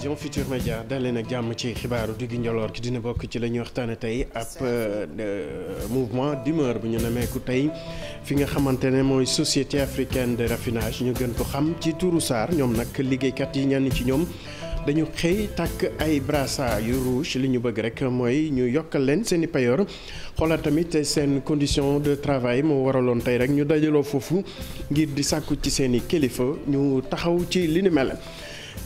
télévision Futur Média dalee nag jàmm ci xibaaru diggu njoloor ki dina bokk ci la ñuy waxtaane tey ab euh, euh, mouvement d'humeur bu ñu nemeeku tey fi nga xamante ne mooy société africaine de raffinage ñu gën ko xam ci turu SAR ñoom nag liggéeykat yi ñenn ci ñoom dañu xëy takk ay brassard yu rouge li ñu bëgg rek mooy ñu yokkal leen seen i payoor xoolal tamit seen condition de travail moo waraloon tey rek ñu dajaloo foofu ngir di sàkku ci seen i kilifa ñu taxaw ci linu ni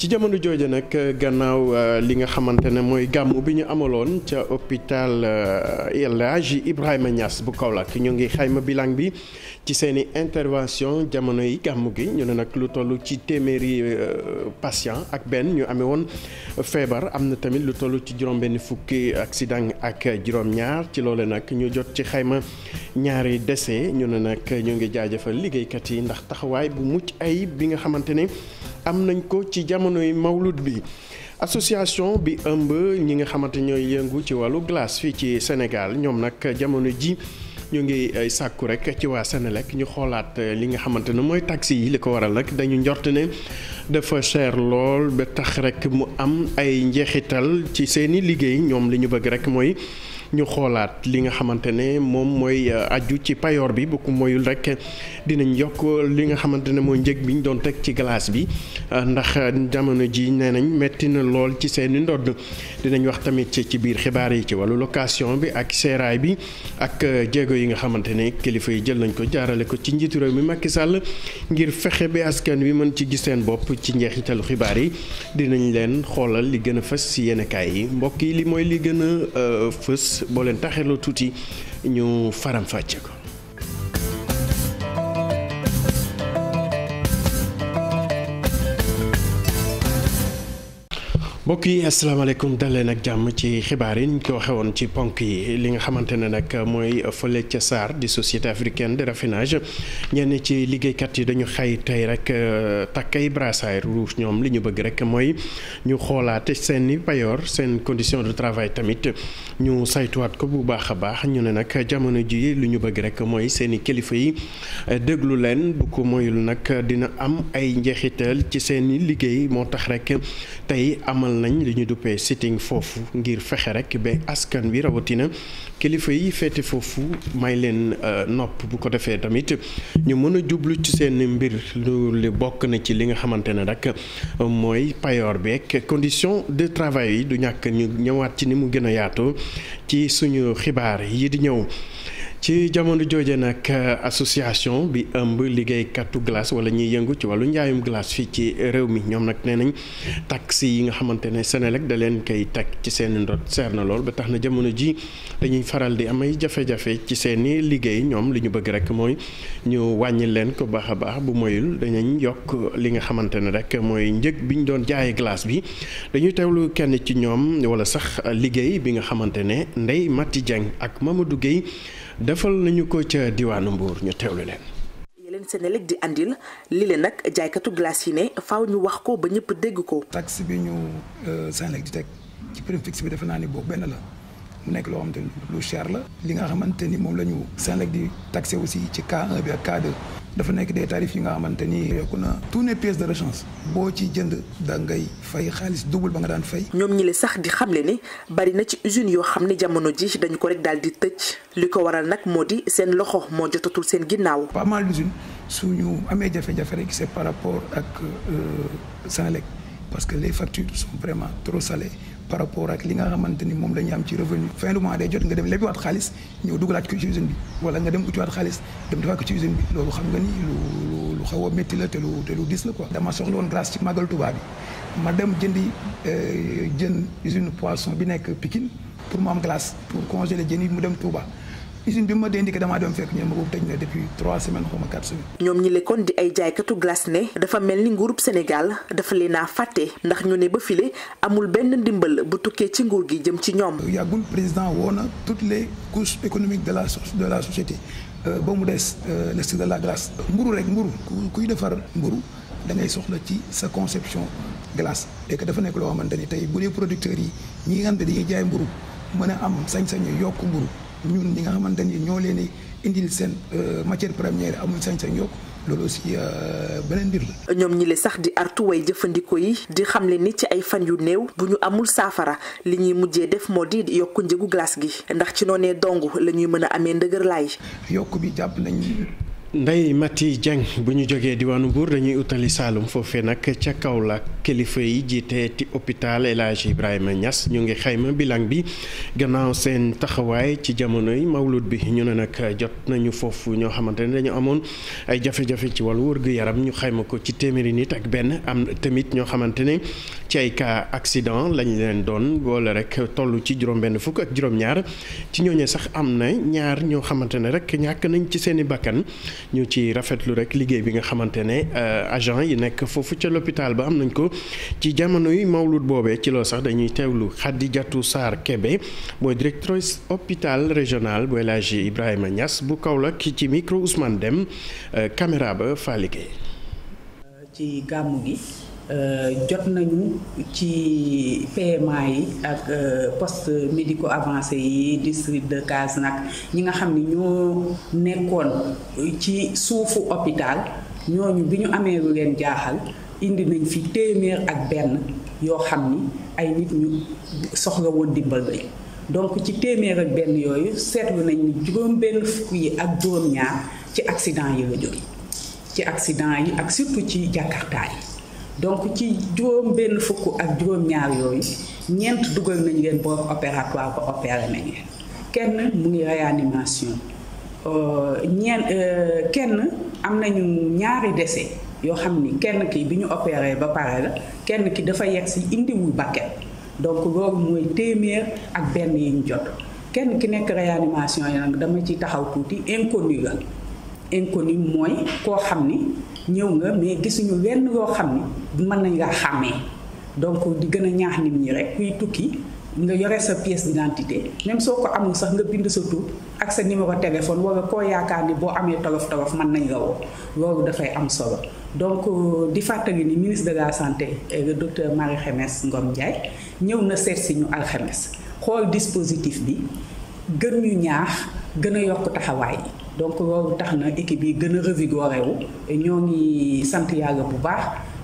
ci jamono jooju nag eh, gannaaw eh, li nga xamante ne mooy gàmmu bi ñu amaloon ca hôpital eh, El Hadji Ibrahima Niass bu Kaolack ñu ngi xayma bilan bi ci seen i intervention jamono yi gàmmu gi ñu ne nag lu toll ci téeméeri patient ak benn ñu amee woon feebar am na tamit lu toll ci juróom-benn fukki accident ak juróom-ñaar ci loole nag ñu jot ci xayma ñaari décès ñu ne nag ñu ngi jaajëfal liggéeykat yi ndax taxawaay bu mucc ay bi nga xamante ne. am nañ ko ci jamonoy mawlud bi association bi ëmb ñi nga xamante ñooy yëngu ci wàllu glace fii ci Sénégal ñoom nag jamono ji ñu ngi sàkku rek ci waa Senelec ñu xoolaat eh, li nga xamante ne mooy taxi yi li ko waral nag dañu njort ne dafa cher lool ba tax rek mu am ay njeexital ci seeni liggéey ñoom li ñu bëgg rek mooy ñu xoolaat li nga xamante ne moom mooy euh, aju ci payoor bi bu ko moyul rek dinañ yokk li nga xamante ne mooy njëg bi ñu doon teg ci glace bi euh, ndax euh, jamono ji nee nañ metti na lool ci seeni ndodd dinañ wax tamit ci biir xibaar yi ci wàllu location bi ak seeraay bi ak jéego yi nga xamante ne kilifa yi jël nañ ko jaarale ko ci njiitu réew mi Macky sàll ngir fexe bi askan wi mën ci gis seen bopp ci njeexitalu xibaar yi dinañ leen xoolal li gën a fës si yenn yi mbokk yi boo leen taxeloo tuuti ñu faram ko. mbokk yi asalaamaaleykum dal leen ak jàmm ci xibaar yi ñu ko xewoon ci ponk yi li nga xamante ne nag mooy fële ca SAR di société africaine de raffinage ñenn ci liggéeykat yi dañu xay tey rek euh, takkay brassard rouge ñoom li ñu bëgg rek mooy ñu xoolaate seen i payoor seen condition de travail tamit ñu saytuwaat ko bu baax a baax ñu ne nag jamono ji li ñu bëgg rek mooy seen i kilifa yi euh, déglu leen bu ko moyul nag dina am ay njeexital ci seen i liggéey moo tax rek tey amal. nañ li ñu duppee sitting foofu ngir fexe rek ba askan wi rawatina kilifa yi féete foofu may leen euh, nopp bu ko defee tamit ñu mën a jublu ci seen mbir lu bokk na ci li nga xamante ne rek mooy payoor beeg condition de travail yi du ñàkk ñu ñëwaat ci ni mu gën a yaatoo ci suñu xibaar yi di ñëw. ci jamono jooje nag euh, association bi ëmb liggéeykatu glace wala ñuy yëngu ci wàllu njaayum glace fii ci réew mi ñoom nag nee nañ si yi nga xamante ne Senelec da leen koy teg ci seen ndot seer na lool ba tax na jamono ji dañuy faral di amay jafe-jafe ci seeni liggéey ñoom li ñu bëgg rek mooy ñu wàññi leen ko baax baax bu moyul danañ yokk li nga xamante ne rek mooy njëg bi ñu doon jaayee glace bi dañuy teewlu kenn ci ñoom wala sax liggéey bi nga xamante ne Ndeye Mati Dieng ak Mamadou defal nañu ko ca diwaanu Mbour ñu teewlu leen. leen Senelec di andil li nag jaaykatu glace yi ne faw ñu wax ko ba ñëpp dégg ko. taxe bi ñu euh, Senelec di teg ci prix fixe bi defe naa ni boobu benn la. mu nekk loo xamante ni lu cher la. li nga xamante ni moom la ñu Senelec di taxé aussi ci K1 bi ak K2 dafa nekk dee tarifs yi nga xamante ni yokk na tous les pièces de rechange boo ci jënd da ngay fay xaalis double ba nga daan fay. ñoom ñi le sax di xamle ni bari na ci usines yoo xam ne jamono ji dañu ko rek daal di tëj li ko waral nag moo di seen loxo moo jotatul seen ginnaaw. pas mal d'usines suñu amee jafe-jafe rek c'est par rapport ak euh, Senelec parce que les factures vraiment trop par rapport ak li nga xamante ni moom la am ci revenu fin du mois jot nga dem lebiwaat xaalis ñëw dugalaat ko ci usine bi wala nga dem utiwaat bi loolu xam nga ni lu lu xaw a métti la te lu te lu dis la quoi dama soxla woon grâce ci màggal Tuubaa bi ma dem jëndi euh, jën usine poisson bi nekk Pikine pour mu am glace pour congeler jën yi mu dem Touba usine bi ma dee ndikkee damaa dem fekk ma boobu tëj na depuis trois semaines xaw ma quatre ñoom ñi le di ay jaaykatu glace ne dafa mel ni nguurub Sénégal dafa leen a fàtte ndax ñu ne ba file amul benn ndimbal bu tukkee ci nguur gi jëm ci ñoom. yàggul président woo na toutes les couches économiques de la de la société euh, ba mu des euh, le secteur de la glace. mburu rek mburu kuy defar mburu da ngay soxla ci sa conception glace et dafa nekk loo xamante ni tey bu dee producteurs yi ñi nga xam ne dañuy jaay mburu mën a am sañ-sañu yokk mburu ñun ñi nga xamante ni ñoo leen indi seen euh, matière première amul sañ-sañ yokk loolu aussi euh, beneen mbir la. ñoom ñi le sax di artu way jëfandikoo yi di xamle ni ci ay fan yu néew bu ñu amul saafara li ñuy mujjee def moo di yokku njëgu glace gi ndax ci noonee dong la ñuy mën a amee ndëgër laay. yokk bi jàpp nañ Ndeye Mati Dieng bu ñu jógee diwaanu Mbour dañuy utali Saalum foofee nag ca Kaolack kilifa yi jiiteeti hôpital El Hadj Ibrahima ñas ñu ngi xayma bilan bi gannaaw seen taxawaay ci jamonoy mawlud bi ñu ne nag jot nañu foofu ñoo xamante ne dañu amoon ay jafe-jafe ci wàllu wërgu-yaram ñu xayma ko ci téeméeri nit ak benn am tamit ñoo xamante ne ci ay cas accident lañu leen doon boole rek toll ci juróom-benn fukk ak juróom-ñaar ci ñooñu sax am na ñaar ñoo xamante ne rek ñàkk nañ ci seen bakkan ñu ci rafetlu rek liggéey bi nga xamante ne euh, agent yi nekk foofu ca l'hôpital ba am nañ ko ci jamonoy mawlud boobee ci loo sax dañuy teewlu jatu saar Kébé mooy directrice hopital régional bu El Hadji Ibrahima Niass bu Kaolack ci micro Ousmane Dem euh, caméra ba Falligué ci gàmmu gi Euh, jot nañu ci PMA yi ak euh, poste médico avancé yi district de nag ñi nga xam ni ñoo nekkoon ci suufu hôpital ñooñu bi ñu amee lu leen jaaxal indi nañ fi téeméer ak benn yoo xam ni ay nit ñu soxla woon dimbal bi donc ci téeméer ak benn yooyu seetlu nañ ni juróom benn fukk yi ak juróom ñaar ci accident yi la jóge ci accident yi ak surtout ci jakarta yi donc ci juróom benn fukk ak juróom-ñaar yooyu ñeent dugal nañu leen bloc opératoire ba opéré nañu kenn mu ngi réanimation euh, ñeent euh, kenn am nañu ñaari décès yoo xam ni kenn ki bi ñu opéré ba pare la kenn ki dafa yegg si indiwul bakket donc loolu mooy téeméer ak benn yi ñu jot kenn ki nekk réyanimation yi nag dama ci taxaw tuuti inconnu la inconnu mooy koo xam ni ñëw nga mais gisuñu wenn yoo xam ne mën nañ laa xàmmee donc di gën a ñaax nit ñi rek kuy tukki nga yore sa pièce d'identité même soo ko amul sax nga bind sa tur ak sa numéro téléphone wala koo yaakaar ni boo amee tolof tolof mën nañ la woo loolu dafay am solo donc di fàttali ni ministre de la santé euh, le docteur Marie Khemesse Ngom Ndiaye ñëw na seet si ñu alxemes xool dispositif bi gën ñu ñaax gën a yokk taxawaay yi donc loolu tax na équipe yi gën a revigoré wu ñoo ngi sant yàlla bu baax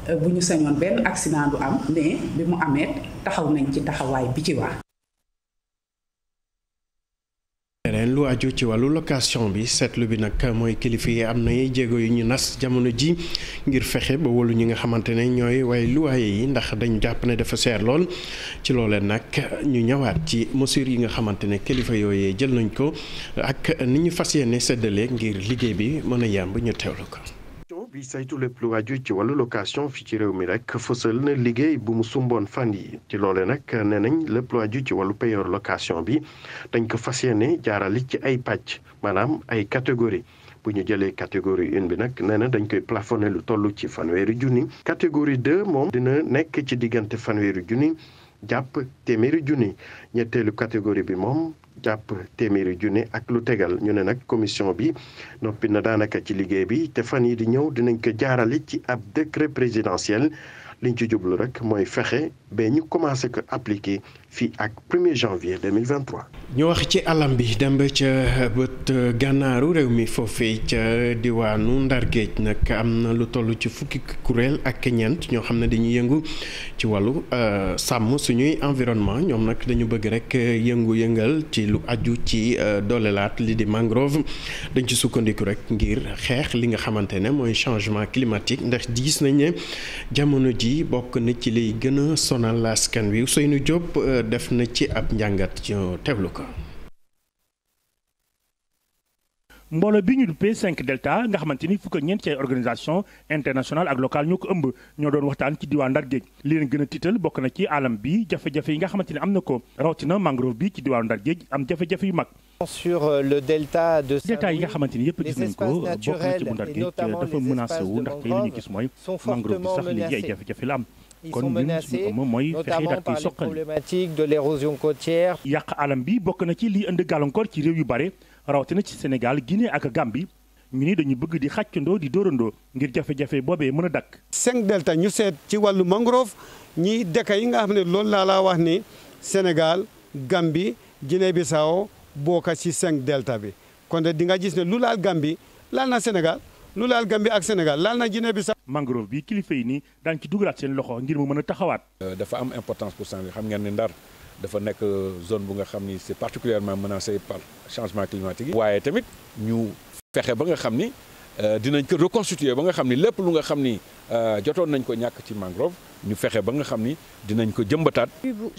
euh, bu ñu sañoon benn accident du am mais bi mu amee taxaw nañ ci taxawaay bi ci war leneen lu aju ci wàllu location bi seetlu bi nag mooy kilifa yi am na jéego yu ñu nas jamono ji ngir fexe ba wóolu ñi nga xamante ne ñooy waaye luwaaye yi ndax dañu jàpp ne dafa seer lool ci loole nag ñu ñëwaat ci mesures yi nga xamante ne kilifa yooyee jël nañ ko ak ni ñu fas yéene séddale ngir liggéey bi mën a yàmb ñu teewlu ko. bi saytu lépp lu waaju ci wàllu location fi ci réew mi rek fësal na liggéey bu mu sumboon fan yi ci loole nag nee nañ lépp lu waaju ci wàllu payeur location bi dañ ko fas yéene jaarale ci ay pàcc maanaam ay catégorie bu ñu jëlee catégorie une bi nag nee na dañ koy plafonné lu toll ci fanweeri junni catégorie deux moom dina nekk ci diggante fanweeri junni jàpp téeméeri junni ñetteelu catégorie bi moom jàpp téeméeri junne ak lu tegal ñu ne nag commission bi noppi na daanaka ci liggéey bi te fan yi di ñëw dinañ ko jaarale ci ab décret présidentiel liñ ci jublu rek mooy fexe ba ñu commencé ko appliquer fii ak 1er janvier ñu wax ci alam bi dem ba ca bët euh, gànnaaru réew mi foofee ca diwaanu Ndar Géej nag am na lu toll ci fukki kuréel ak ñeent ñoo xam ne dañuy yëngu ci wàllu euh, sàmm suñuy environnement ñoom nag dañu bëgg rek euh, yëngu-yëngal ci lu aju ci dolelaat li di mangrove dañ ci sukkandiku rek ngir xeex li nga xamante ne mooy changement climatique ndax gis nañ ne jamono ji bokk na ci liy gën a sonal askan wi Ousseynou Diop. def na ci ab njàngat ci teewlu ko. mbooloo bi ñu duppee 5 delta nga xamante ni fukk ak ñeent ci ay organisation internationale ak locale ñoo ko ëmb ñoo doon waxtaan ci diwaan Ndar li leen gën a tiital bokk na ci alam bi jafe-jafe yi nga xamante ni am na ko rawatina mangrove bi ci diwaanu Ndar am jafe-jafe yu mag. sur euh, le delta de delta yi nga xamante ni yëpp gis nañ ko bokk na ci bu Ndar Géej dafa menacé wu ndaxte li ñu gis mooy mangrove bi sax léegi ay jafe-jafe la am. ils sont menacés notamment par les problématiques de l'érosion côtière. yàq alam bi bokk na ci lii indi gàllankoor ci réew yu bare rawatina ci Sénégal Guinée ak bi ñu ni dañu bëgg di xàccandoo di dóorandoo ngir jafe-jafe boobee mën a dakk. cinq delta ñu seet ci wàllu mangrove ñi dëkk yi nga xam ne loolu laa laa wax ni bi Gambie bi Bissau bokk ci cinq delta bi kon de di nga gis ne lu laal Gambie laal na Sénégal. lu laal Gambie ak Sénégal laal na bi sax mangrove bi kilifa yi nii daañu ci dugalaat seen loxo ngir mu mën a taxawaat. Euh, dafa am importance pour Sénégal xam ngeen ne Ndar dafa nekk euh, zone bu nga xam ni c'est particulièrement menacée par changement climatique waaye tamit ñu fexe ba nga xam ni euh, dinañ ko reconstituer ba nga xam ni lépp lu nga xam ni jotoon nañ ko ñàkk ci mangrove ñu fexe ba nga xam ni dinañ ko jëmbataat. bu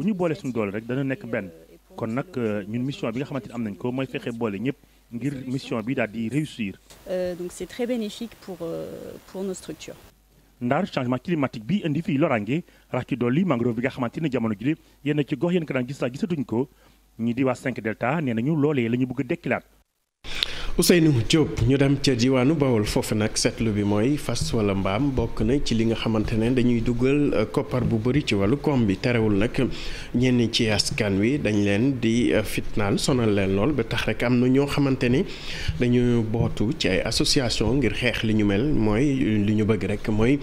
ñu boole suñu doole rek dana nekk benn kon nag ñun mission bi nga xamante am nañ ko mooy fexe boole ñëpp. ngir mission bi daal di réussir. Euh, donc c'est très bénéfique pour euh, pour nos structures. ndaar changement climatique bi indi fii loraange rax ci dolli mangrove bi nga xamante ne jamono jii yenn ci gox yéen ko daan gis sax gisatuñ ko ñi di waa 5 delta nee nañu loolee la ñu bëgg a dekkilaat Ousseynou Diop ñu dem ca diwaanu Bawol foofu nag seetlu bi mooy fas wala mbaam bokk na ci li nga xamante ne dañuy dugal euh, koppar bu bëri ci wàllu koom bi terewul nag ñenn ci askan wi dañ leen di euh, fitnaal sonal leen lool ba tax rek am na ñoo xamante ni dañu bootu ci ay association ngir xeex li ñu mel mooy li ñu bëgg rek mooy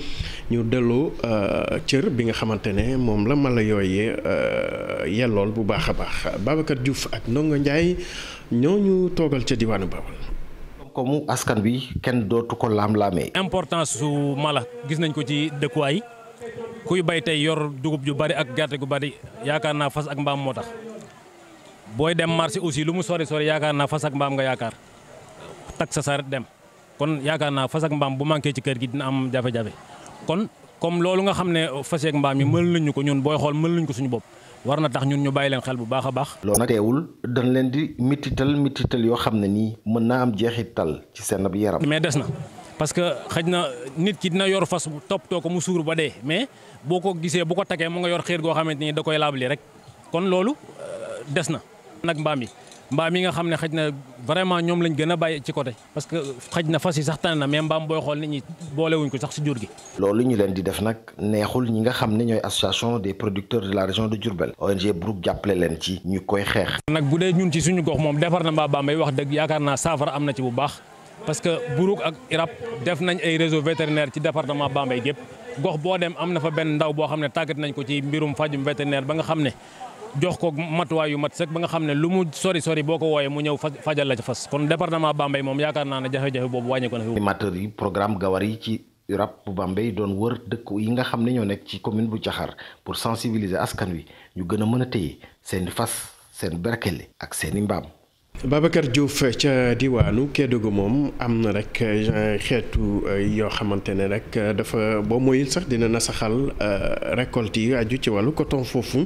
ñu delloo euh, cër bi nga xamante ne moom la mala yooyee yellool bu baax a baax Babacar juf ak Ndongo Ndiaye. ñooñu toogal ca diwaanu Bawol. koom-koomu askan bi kenn dootu ko laam-laamee. importance su mala gis nañ ko ci dëkkuwaay kuy bay tey yor dugub ju bari ak gerte gu bari yaakaar naa fas ak mbaam moo tax booy dem marché aussi lu mu sori sori yaakaar naa fas ak mbaam nga yaakaar tak sa saret dem kon yaakaar naa fas ak mbaam bu manqué ci kër gi dina am jafe-jafe kon comme loolu nga xam ne fas ak mbaam yi mën nañu ko ñun booy xool mën nañu ko suñu bopp. war na tax ñun ñu bàyyi leen xel bu baax a baax. loolu nag teewul dañ leen di mitital mitital yoo xam ne nii mën naa am jeexital ci seen ab yaram. mais des na parce que xëj na nit ki dina yor fas toppatoo ko mu suur ba dee mais boo ko gisee bu ko takkee mu nga yor xiir goo xamante ni da koy laabali rek kon loolu euh, des na. nag mbaam yi mbaam yi nga xam ne xaj na vraiment ñoom lañ gën a bàyyi ci ko côté parce que xaj na fas yi sax tane na mais mbaam booy xool nit ñi boolewuñ ko sax si jur gi. loolu ñu leen di def nag neexul ñi nga xam ne ñooy association des producteurs de la région de Diourbel ONG Brooke jàppale leen ci ñu koy xeex. nag bu dee ñun ci suñu gox moom département Bambey wax dëgg yaakaar naa saafara am na ci bu baax parce que Brooke ak IRAP def nañ ay réseau vétérinaire ci département Bambey gépp gox boo dem am na fa benn ndaw boo xam ne tàggat nañ ko ci mbirum fajum vétérinaire ba nga xam ne jox kook matuwaay yu mat sëkk ba nga xam ne lu mu sori sori boo ko wooyee mu ñëw faj fajal la ci fas kon département Bambey moom yaakaar naa ne jafe-jafe boobu wàññi ko na fi. animateurs yi programme gawar yi ci rap Bambey doon wër dëkk yi nga xam ne ñoo nekk ci commune bu Caxar pour sensibiliser askan wi ñu gën a mën a téye seen fas seen berkele ak seen i mbaam. Babacar Diouf ca diwaanu Kédougou moom am na rek euh, xeetu euh, yoo xamante ne rek euh, dafa boo moyul sax dina nasaxal récolte yi aju ci wàllu coton foofu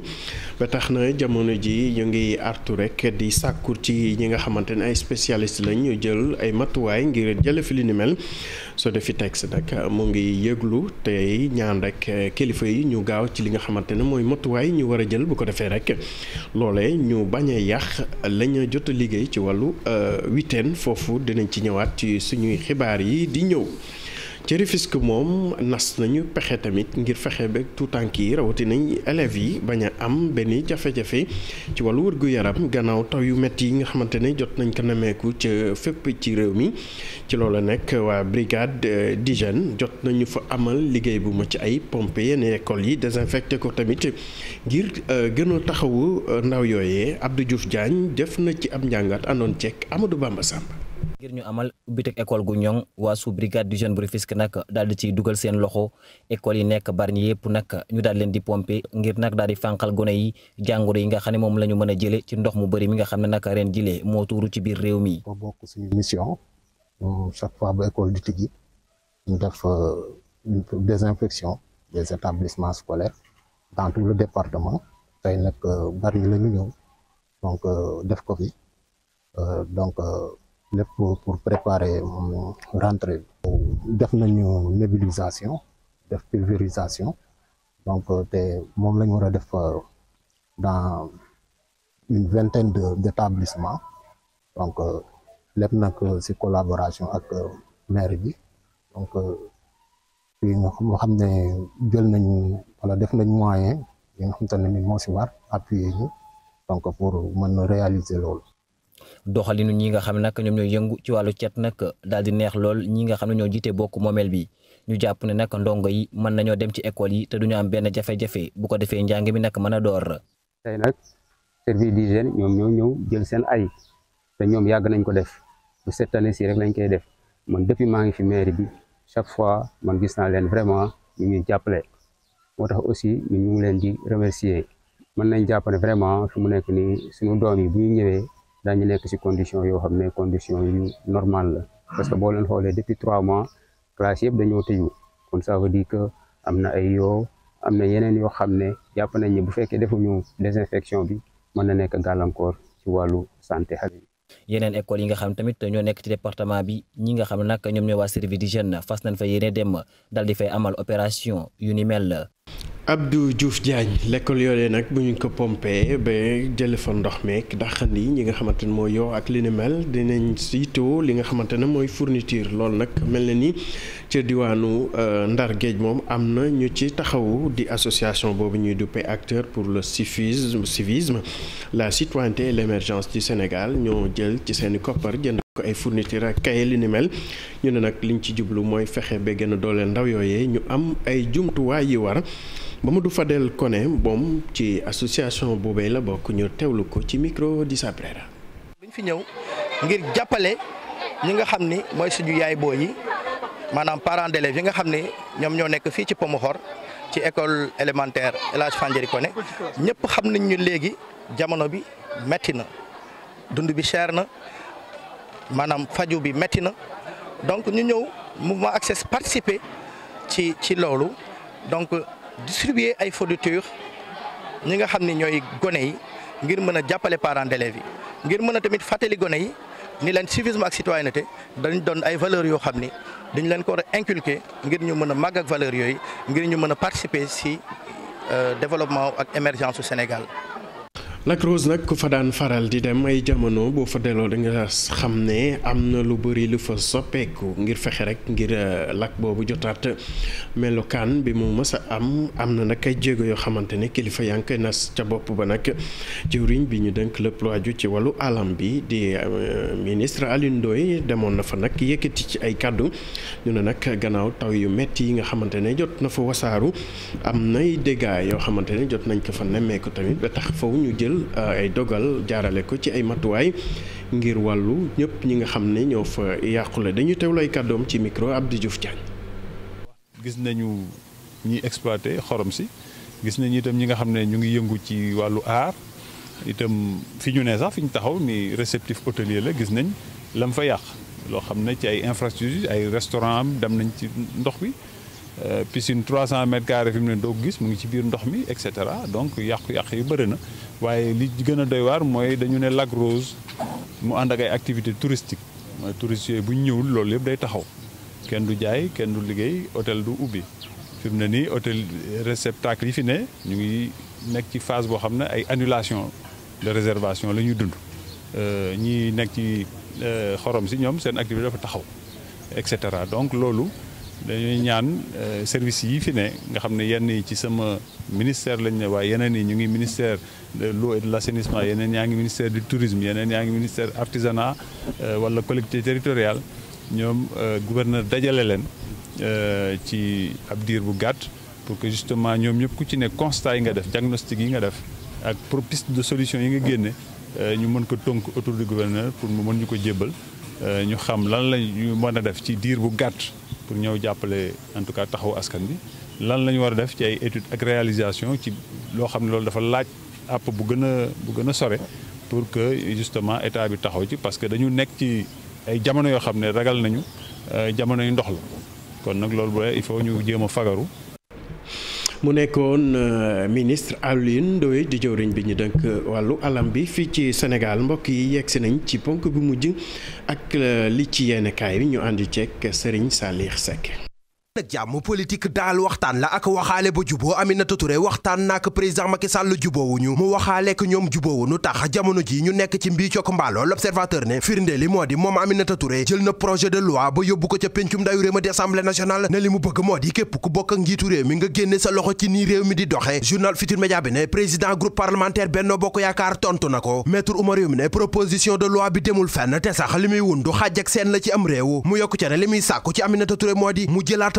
ba tax na jamono ji ñu ngi artu rek di sàkkur ci ñi nga xamante ne ay spécialiste lañ ñu jël ay matuwaay ngir jële fi mel Sodefitex nag mu ngi yéeglu tey ñaan rek eh, kilifa yi ñu gaaw ci li nga xamante ne mooy matuwaay ñu war a jël bu ko defee rek loolee ñu bañ a yàq lañu jot a liggéey ci wàllu eh, week-end foofu dinañ ci ñëwaat ci suñuy xibaar yi di ñëw. ci Rufisque moom nas nañu pexe tamit ngir fexe ba tànk yi rawatina élèves yi bañ a am benn jafe-jafe ci wàllu wërgu-yaram gannaaw taw yu métti yi nga xamante ne jot nañ ko nameeku ca fépp ci réew mi ci loola nekk waa brigade euh, d'hygiène jot nañu fa amal liggéey bu mucc ay pompe yenn école yi désinfecté ko tamit ngir euh, gën a taxawu euh, ndaw yooyee Abdou Diouf Diagne def na ci ab njàngat àndoon ceek Amadou Bamba Samb ngir ñu amal ubbiteg école gu ñoŋ waa brigade du jeune bu Rufisque daal di ciy dugal seen loxo école yi nekk Bargny yëpp nag ñu daal leen di pomper ngir nag daal di fànqal gone yi jàngoro yi nga xam ne moom lañu ñu mën a jëlee ci ndox mu bari mi nga xam ne nag ren jëlee moo tuuru ci biir réew mi. dafa bokk suñu mission chaque fois bu école di tijji ñu def euh, désinfection des établissements scolaires dans tout le département tey nag euh, ñëw donc euh, def ko fi donc. lépp pour préparer rentrée bi def nañu nébulisation def pulvérisation donc euh, te moom la ñu war a def euh, dans une vingtaine de d' établissement donc euh, lépp nag si collaboration ak maire bi donc fii nga xam ne jël nañu wala def nañ moyen yi nga xam te ne moo si war appuyer ñu donc pour mën réaliser loolu doxalinu ñi nga xam nag ñoom ñooy yëngu ci wàllu cet nag daal di neex lool ñi nga xam ne ñoo jiite bokk moomeel bi ñu jàpp ne nag ndongo yi mën nañoo dem ci école yi te duñu am benn jafe-jafe defee njàng mi nag mën a door. tey nag service d'hygiène ñoom ñoo ñëw jël seen ay te ñoom yàgg nañ ko def bu cette année ci rek lañ koy def man depuis maa ngi fi mairie bi chaque fois man gis naa leen vraiment ñu ngi jàppale moo tax aussi ñu ngi leen di remercier mën nañ jàpp ne vraiment fi mu nekk nii suñu doom yi bu ñu ñëwee. daañu nekk si condition yoo xam ne condition yu normal la parce que boo leen xoolee depuis trois mois classe yëpp dañoo tëju kon ça veut dire que am na ay yoo am na yeneen yoo xam ne jàpp nañ ne bu fekkee defuñu désinfection bi mën na nekk gàllankoor ci wàllu santé xale yi yeneen école yi nga xam tamit ñoo nekk ci département bi ñi nga xam nag ñoom ñooy waa service d'hygiène fas nañ fa yéene dem dal di fay amal opération yu ni mel. Abdou Diouf Diagne lekkool yoolee nag bu ñu ko pompé ba jël fa ndox meek daxan yi ñi nga xamante ne mooy yoo ak li ni mel dinañ siitoo li nga xamante ne mooy fourniture loolu nag mel na nii ca diwaanu euh, Ndar Géej moom am na ñu ci taxawu di association boobu ñuy duppee acteur pour le civisme civisme la citoyenneté et l'émergence du Sénégal ñoo jël ci seeni koppar jënd ko ay fourniture ak kaye li ni mel ñu ne nag liñ ci jublu mooy fexe ba gën a dooleel ndaw yooyee ñu am ay jumtuwaay yi war fa Fadel kone moom ci association boobee la bokk ñu teewlu ko ci micro di Sabrera. buñ fi ñëw ngir jàppale ñi nga xam ni mooy suñu yaay boo yi maanaam parents d'élèves nga xam ne ñoom ñoo nekk fii ci Pomokhor ci école élémentaire El Hadj Fandiéry Koné ñëpp xam nañ ñu léegi jamono bi métti na dund bi cher na maanaam faju bi métti na donc ñu ñëw mouvement Access participer ci ci loolu donc distribuer ay fournitures ñi nga xam ne ñooy gone yi ngir mën a jàppale parents d'élèves ngir mën a tamit fàttali gone yi. ni leen civisme ak citoyenneté dañ doon ay valeurs yoo xam ni dañ leen kor war a inculquer ngir ñu mën a màgg ak valeurs yooyu ngir ñu mën a participer si euh, développement ak émergence su Sénégal. Lac Rose nag ku fa daan faral di dem ay jamono boo fa delloo da nga xam ne am na lu bëri lu fa soppeeku ngir fexe rek ngir euh, lac boobu jotaat melokaan bi mu mësa am am na nag ay jéego yoo xamante ne kilifa yaa ngi nas ca bopp ba nag jëwriñ bi ñu dënk lépp lu aju ci wàllu alam bi di euh, ministre Alioune demoon na fa nag yëkkati ci ay kàddu ñu ne nag gannaaw taw yu metti yi nga xamante ne jot na fa wasaaru am nay dégâts yoo xamante ne jot nañ ko fa nemmeeku tamit jël euh, ay dogal jaarale ko ci ay matuwaay ngir wàllu ñëpp ñi nga xam ne ñoo fa yàqule dañu teewlu ay kàddoom ci micro ab Abdou Diouf Diagne. gis nañu ñi exploité xorom si gis nañu itam ñi nga xam ne ñu ngi yëngu ci wàllu aar itam fi ñu ne sax fi ñu taxaw ni réceptif hôtelier la gis nañ lam fa yàq loo xam ne ci ay infrastructures ay restaurant am dem nañ ci ndox bi. Euh, piscine 300 mètres carrés fi mu ne doo gis mu ngi ci biir ndox mi et cetera donc yàqu-yàq yi bëri na waaye li gën a doy waar mooy dañu ne Lac mu ànd ak ay activités touristique mooy touristes yooyu bu ñu ñëwul loolu yëpp day taxaw kenn du jaay kenn du liggéey hôtel du ubbi fi mu ne nii hôtel réceptacle yi fi ne ñu ngi nekk ci phase boo xam ne ay annulation de réservation la ñuy dund euh, ñi nekk ci euh, xorom si ñoom seen activité dafa taxaw et cetera donc loolu dañuy ñaan euh, service yi fi ne nga xam ne yenn yi ci sama ministère lañ ne waaye yeneen yi ñu ngi ministère de l'eau et de l'assainissement yeneen yaa ngi ministère du tourisme yeneen yaa ngi ministère artisanat euh, wala collectivité territoriale ñoom euh, gouverneur dajale leen ci ab diir bu gàtt pour que justement ñoom ñëpp ku ci ne constat yi nga def diagnostic yi nga def ak piste de solution yi nga génne ñu mën ko tonk autour du gouverneur pour mu mën ñu ko jébbal ñu xam lan la ñu mën a def ci diir bu gàtt pour ñëw jàppale en tout cas taxawu askan bi lan la ñu war a def ci ay études ak réalisation ci loo xam ne loolu dafa laaj àpp bu gën a bu gën a sore pour que justement état bi taxaw ci parce que dañu nekk ci ay jamono yoo xam ne ragal nañu euh, jamono yu ndox la kon nag loolu bu il faut ñu jéem a fagaru mu nekkoon euh, ministre Alioune Ndoye di jëwriñ bi ñu dënk euh, wàllu alam bi fii ci Sénégal mbokk yi yegg si nañ ci ponk bi mujj ak euh, li ci yenn kaay bi ñu àndi ceeg Serigne Salih Seck. nag jàmm politique daal waxtaan la ak waxaale ba juboo Aminata Touré waxtaan naak président Macky Sall juboowuñu mu waxaaleek ñoom juboowuñu tax jamono ji ñu nekk ci mbii cok mbaaloo l'observateur ne firnde moo di moom Aminata Touré jël na projet de loi ba yóbbu ko ca péncum ndayu réew ma di assemblée nationale ne li mu bëgg moo di képp ku bokk njiitu réew mi nga génne sa loxo ci nii réew mi di doxe journal Futur Média bi ne président groupe parlementaire Benno Bokk Yaakaar tontu na ko maître Oumar Youm ne proposition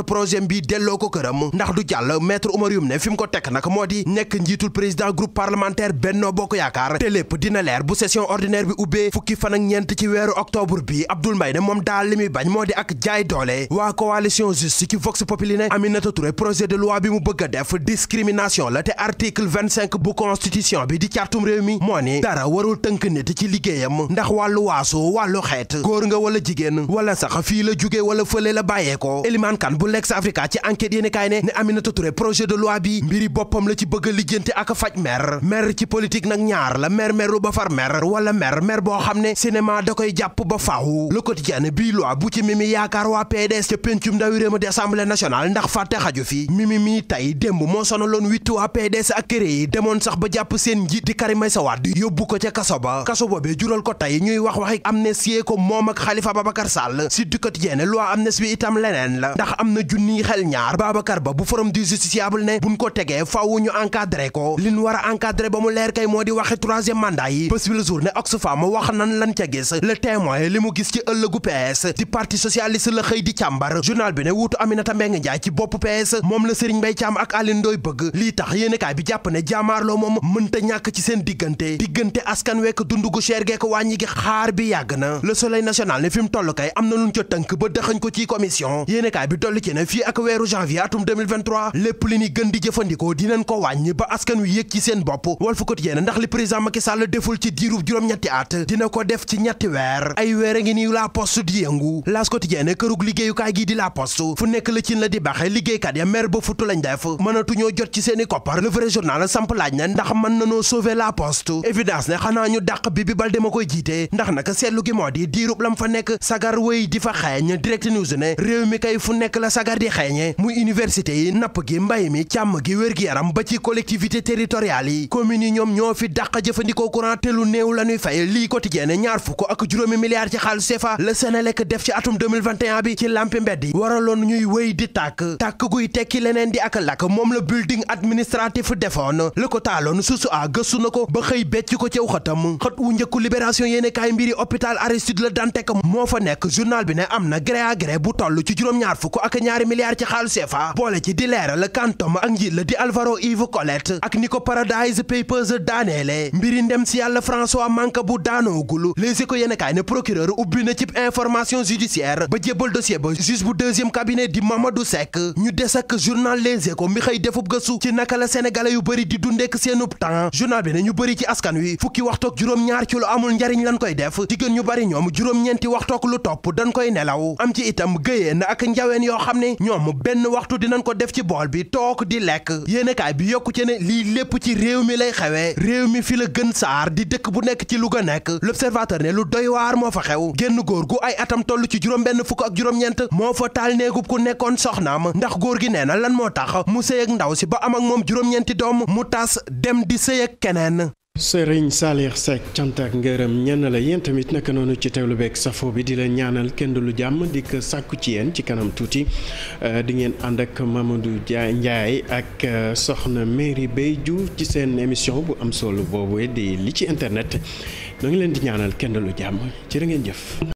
projet bi delloo ko këram ndax du jàll maître Oumar Youm ne fi mu ko teg nag moo di nekk njiitul président groupe parlementaire Benno Bokk Yaakaar te lépp dina leer bu session ordinaire bi ubbee fukki fan ak ñeent ci weeru octobre bi Abdoul Mbaye ne moom daal li bañ moo di ak jaay doole waa coalition juste ci Vox Populi Aminata Touré projet de loi bi mu bëgg a def discrimination la te article 25 bu constitution bi di cartum réew mi moo ni dara warul tënk nit ci liggéeyam ndax wàllu waaso wàllu xeet góor nga wala jigéen wala sax fii la jóge wala fële la bàyyeekoo Eliman Kan Lex Africa ci enquête yéen kaay ne ne Aminata Touré projet de loi bi mbiri boppam la ci bëgg a lijjanti ak faj mer mer ci politique nag ñaar la mer meru ba far mer wala mer mer boo xam ne cinéma da koy jàpp ba faaw le quotidien bii bu ci mimi yaakaar waa PDS ca pencum ndawi di assemblée nationale ndax fàtte xaju fi mimi mii tey démb moo sonaloon witt waa PDS ak kër yi demoon sax ba jàpp seen njiit di Karim Meïssa Wade yóbbu ko ca kaso junniy xel ñaar Babacar Ba bu forum du justiciable ne buñ ko tegee faaw encadré ko liñ war encadré ba mu leer kay moo di waxe troisième mandat yi bés bi la journée Oxfam wax nan lan ca gis le témoin li mu gis ci ëllëgu PS di parti socialiste la xëy di càmbar journal bi ne wuutu Aminata Mbengue Ndiaye ci bopp PS moom la Serigne Mbaye Thiam ak Alioune bëgg lii tax yéenekaay bi jàpp ne jaamaarloo moom mënta ñàkk ci seen diggante diggante askan wekk dund gu cher bi na le soleil national ne fi mu na luñ na fii ak weeru janvier atum 2023 lépp li ni gën di jëfandikoo dinañ ko wàññi ba askan wi yëg ci seen bopp Walf Quotidien ndax li président Macky deful ci diirub juróom-ñetti at dina ko def ci ñetti weer ay weer a ngi ni la poste di yëngu L'As Quotidien kërug liggéeyukaay gi di la poste fu nekk la cin la di baxe liggéeykat ya mer ba futu lañ def mënatuñoo jot ci seeni koppar le journal samp na ndax mën nanoo sauver la poste évidence ne xanaa sagar di xeeñe muy université yi napp gi mbay mi càmm gi wér-gi-yaram ba ci collectivité territoriale yi communes yi ñoom ñoo fi dàq jëfandikoo courant te lu néew la ñuy faye lii quotidien ñaar fukk ak juróomi milliards ci xaalis CFA la Senelec def ci atum bi ci lampi mbedd yi waraloon ñuy wéy di tàkk tàkk guy tekki leneen di ak lakk moom la building administratif defoon la ko taaloon susu a gëstu na ko ba xëy becc ko cew xatam xët wu njëkku libération yéene kaay bi na ñaari milliards ci xaalu CFA boole ci di leeral kantom ak njiit la di Alvaro Yves Colette ak ni ko Paradise Papers daaneele mbiri ndem si yàlla François Mancabou daanoogul Les Échos yéen kaay ne procureur ubbi na ci information judiciaire ba jébbal dossier ba juge bu deuxième cabinet di Mamadou Seck ñu des ak journal Les Échos mi xëy defub gëstu ci naka la sénégalais yu bëri di dundekk seen temps journal bi na ñu bëri ci askan wi fukki waxtook juróom-ñaar ci lu amul njariñ lan koy def jigéen ñu bëri ñoom juróom-ñeenti waxtook lu topp dañ koy nelaw am ci itam gëyeen ak njaween yoo ni ñoom benn waxtu dinañ ko def ci bool bi toog di lekk yéenekaay bi yokku ci ne lii lépp ci réew mi lay xewee réew mi fi la gën saar di dëkk bu nekk ci Louga nekk l'observateur ne lu doy waar moo fa xew génn góor gu ay atam toll ci juróom benn fukk ak juróom moo fa taal néegub ku nekkoon soxnaam ndax góor gi nee na lan moo tax mu sëy ak ndaw si ba am ak moom juróom-ñeenti doom mu tas dem di sëy ak keneen Sëriñ Salir Seck cant ngërëm ñenn la yéen tamit naka noonu ci teewlu beeg safo bi di la ñaanal kenn du lu jàmm di ko sàkku ci yéen ci kanam tuuti euh, di ngeen ànd ak Mamadou Dia Ndiaye ak euh, soxna Mary Bey Diouf ci seen émission bu am solo boobu di li ci internet ñoo leen di ñaanal kenn du lu jàmm ci la ngeen jëf.